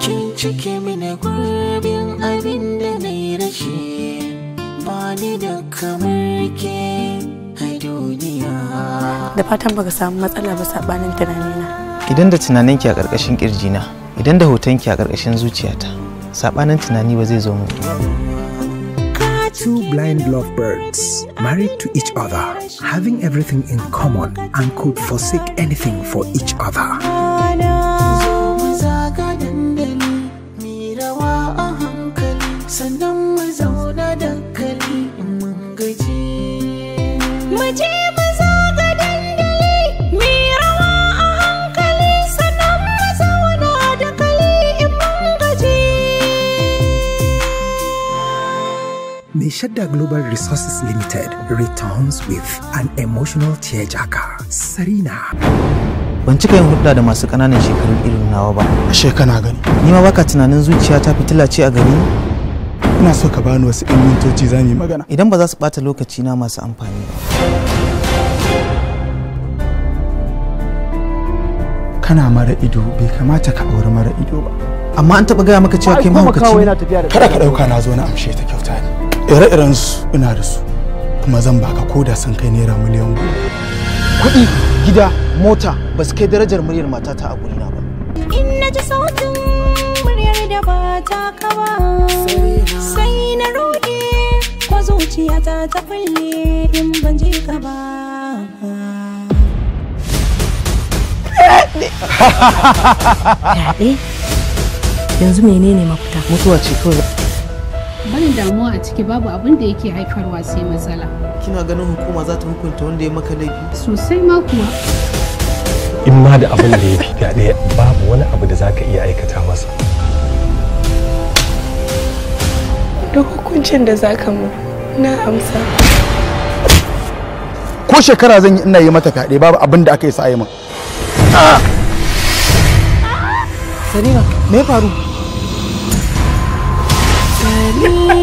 Kin cike mini gurbin abin da na yi rashi ba ni da kamar ke a duniya. Da fatan baka samu matsala ba sabanin tunanina. Idan da tunaninki a ƙarƙashin ƙirjina, idan da hotonki a ƙarƙashin zuciyata, sabanin tunani ba zai zo mu. Two blind lovebirds married to each other, having everything in common and could forsake anything for each other. sannan mu zauna dankali in mun gaji mu je ga dandali mai rawa a hankali sannan mu zauna dankali in mun gaji shadda Global Resources Limited returns with an emotional tearjerker, Sarina. ban cika yin hulɗa da masu ƙananan shekarun irin nawa ba. Ashe kana gani. Ni ma baka tunanin zuciya ta fitila ce a gari? ina so ka bani wasu 'yan mintoci za mu yi magana idan ba za su ɓata lokaci na masu amfani ba kana mara ido bai kamata ka aure mara ido ba amma an taɓa gaya maka cewa kai mahaukaci kada ka ɗauka na zo na amshe ta kyauta ne ire-iren su ina da su kuma zan baka ko da sun kai naira miliyan goma kuɗi gida mota ba su kai darajar muryar matata a gudu taka sai na roƙe ko zuciyata ta kulle in ban ji ka ba Yaɗe? Yanzu menene mafita? Mutuwa ce kawai. barin damuwa a ciki babu abin da yake haifarwa sai matsala. Kina ganin hukuma za ta hukunta wanda ya maka laifi? Sosai ma kuwa. In ma da abin da ya fi fyaɗe babu wani hukuncin da za ka mu na amsa ko shekara zan yi ina yi mata fyaɗe babu abin da aka yi sa yi min ah! Sarina me ya faru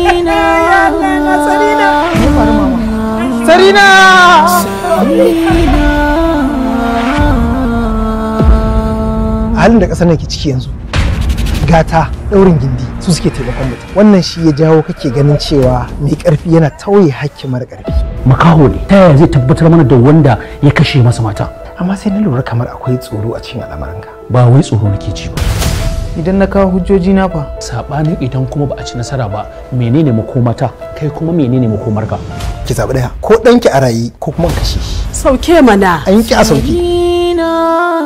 Sarina Sarina me ya faru mama Sarina Sarina halin da ƙasar nake ciki yanzu gata daurin gindi su suke taimakon mutum wannan shi ya jawo kake ganin cewa mai karfi yana tauye hakkin mara karfi makaho ne ta yaya zai tabbatar mana da wanda ya kashe masa mata amma sai na lura kamar akwai tsoro a cikin ka ba wai tsoro nake ji ba idan na kawo hujjoji na fa sabanin idan kuma ba a ci nasara ba menene makomata kai kuma menene makomarka ki zabi daya ko danki a rayi ko kuma kashe sauke mana an ki a sauki